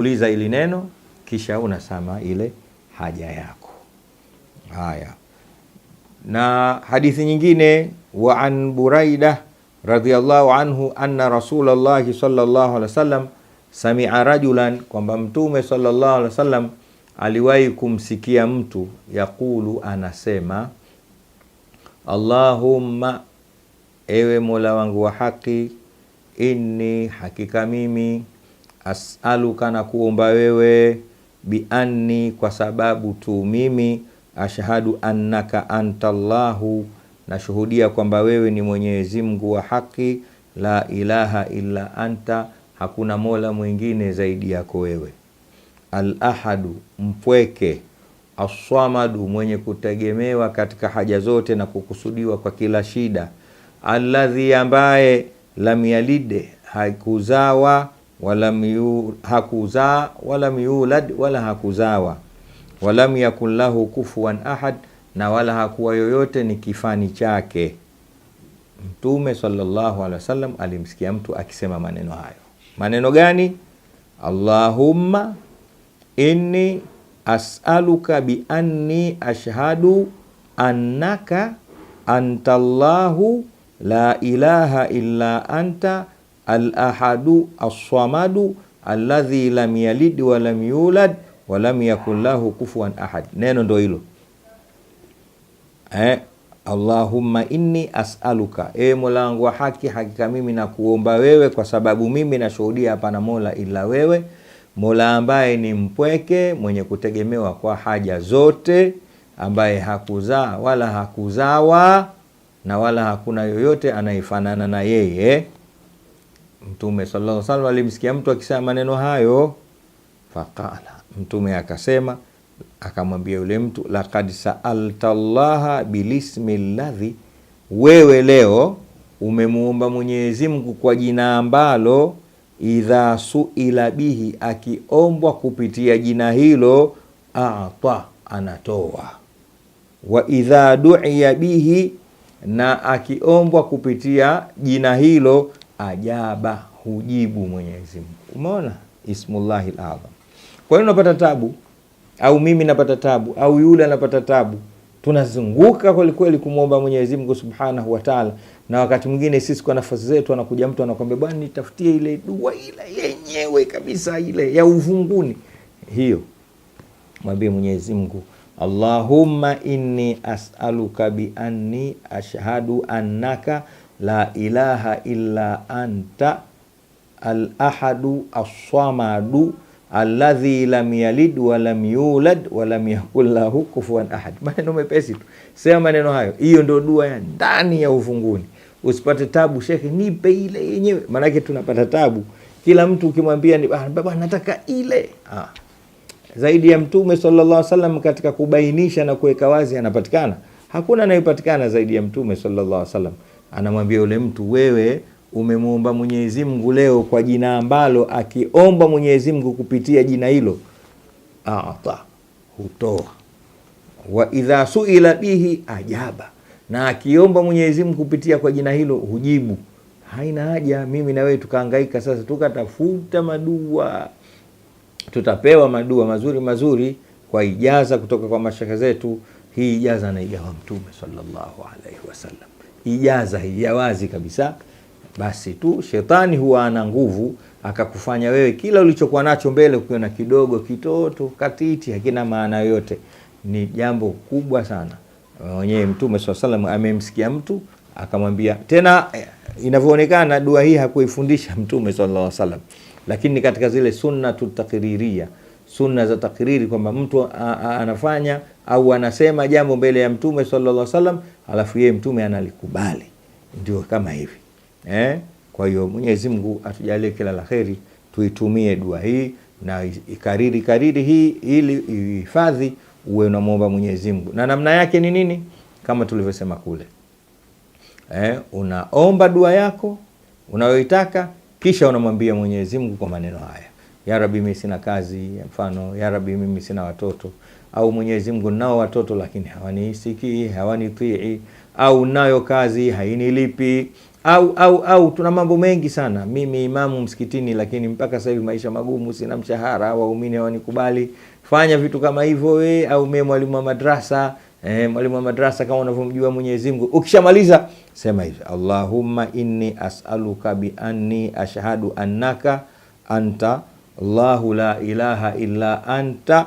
uliza ili neno kisha unasama ile haja yako. Haya, na hadithi nyingine wa an Buraida radhiyallahu anhu anna Rasulullah sallallahu alaihi wasallam sami'a rajulan, kwamba Mtume sallallahu alaihi wasallam aliwahi kumsikia mtu yaqulu, anasema Allahumma, ewe Mola wangu wa haki, inni, hakika mimi as'aluka na kuomba wewe bianni, kwa sababu tu mimi ashhadu annaka antallahu, nashuhudia kwamba wewe ni Mwenyezi Mungu wa haki, la ilaha illa anta, hakuna mola mwingine zaidi yako wewe, alahadu, mpweke, aswamadu, mwenye kutegemewa katika haja zote na kukusudiwa kwa kila shida, alladhi, ambaye lam yalide haikuzawa walam yu, hakuzaa walam yulad wala hakuzawa walam yakun lahu kufuwan ahad, na wala hakuwa yoyote ni kifani chake. Mtume sallallahu alaihi wasallam alimsikia mtu akisema maneno hayo. Maneno gani? Allahumma inni as'aluka bi anni ashhadu annaka antallahu la ilaha illa anta al-ahadu as-samadu alladhi lam yalid wa lam yulad wa lam lahu kufuwan ahad. Neno ndo hilo eh, Allahumma inni as'aluka, e Mola wangu wa haki, hakika mimi nakuomba wewe, kwa sababu mimi nashuhudia hapana mola ila wewe, Mola ambaye ni mpweke, mwenye kutegemewa kwa haja zote, ambaye hakuzaa wala hakuzawa na wala hakuna yoyote anayefanana na yeye. Mtume sallallahu alaihi wasallam alimsikia mtu akisema maneno hayo, faqala, Mtume akasema akamwambia yule mtu, laqad saalta llaha bilismi lladhi, wewe leo umemuomba Mwenyezi Mungu kwa jina ambalo idha suila bihi, akiombwa kupitia jina hilo ata, anatoa wa idha duiya bihi, na akiombwa kupitia jina hilo ajaba, hujibu Mwenyezi Mungu. Umeona ismullahil azam. Kwa hiyo unapata tabu au mimi napata tabu au yule anapata tabu, tunazunguka kweli kweli kumwomba Mwenyezi Mungu subhanahu wa taala. Na wakati mwingine sisi kwa nafasi zetu, anakuja mtu anakwambia, bwana, nitafutie ile dua ile yenyewe kabisa ile ya uvunguni hiyo. Mwambie Mwenyezi Mungu, Allahumma inni as'aluka bi anni ashhadu annaka la ilaha illa anta alahadu aswamadu alladhi lam yalid wa lam yulad wa lam yakul lahu kufuwan ahad. Maneno mepesi tu, sema maneno hayo. Hiyo ndio dua ya ndani ya ufunguni. Usipate tabu shekhe, nipe ile yenyewe, maanake tunapata tabu. Kila mtu ukimwambia ah, baba, nataka ile ah. Zaidi ya Mtume sallallahu alaihi wasallam katika kubainisha na kuweka wazi anapatikana, hakuna anayepatikana zaidi ya Mtume sallallahu alaihi wasallam anamwambia yule mtu, wewe umemwomba Mwenyezi Mungu leo kwa jina ambalo akiomba Mwenyezi Mungu kupitia jina hilo ata hutoa, wa idha suila bihi ajaba, na akiomba Mwenyezi Mungu kupitia kwa jina hilo hujibu. Haina haja mimi na wewe tukahangaika sasa tukatafuta madua, tutapewa madua mazuri mazuri kwa ijaza kutoka kwa mashaka zetu. Hii ijaza anaigawa Mtume sallallahu alaihi wasallam ijaza hii ya wazi kabisa, basi tu shetani huwa ana nguvu akakufanya wewe kila ulichokuwa nacho mbele ukiona kidogo, kitoto, katiti, hakina maana yoyote. Ni jambo kubwa sana. Mwenyewe Mtume swalla amemsikia mtu akamwambia, tena eh, inavyoonekana dua hii hakuifundisha Mtume swalla lakini katika zile sunna tutakririya, sunna za takriri, kwamba mtu anafanya au anasema jambo mbele ya Mtume sallallahu alaihi wasallam, alafu yeye Mtume analikubali, ndio kama hivi eh? Kwa hiyo Mwenyezi Mungu atujalie kila la heri, tuitumie dua hii na ikariri kariri hii ili ihifadhi, uwe unamwomba Mwenyezi Mungu. Na namna yake ni nini? Kama tulivyosema kule eh, unaomba dua yako unayoitaka kisha unamwambia Mwenyezi Mungu kwa maneno haya: ya Rabbi, mimi sina kazi, mfano ya Rabbi, mimi sina watoto au Mwenyezi Mungu nao watoto lakini hawanisikii, hawanitii, au nayo kazi hainilipi, au au au, tuna mambo mengi sana. Mimi imamu msikitini, lakini mpaka sasa hivi maisha magumu, sina mshahara, waumini hawanikubali. Fanya vitu kama hivyo we, au mimi mwalimu wa madrasa eh, mwalimu wa madrasa kama unavyomjua Mwenyezi Mungu. Ukishamaliza sema hivi, Allahumma inni as'aluka bi anni ashhadu annaka anta Allahu la ilaha illa anta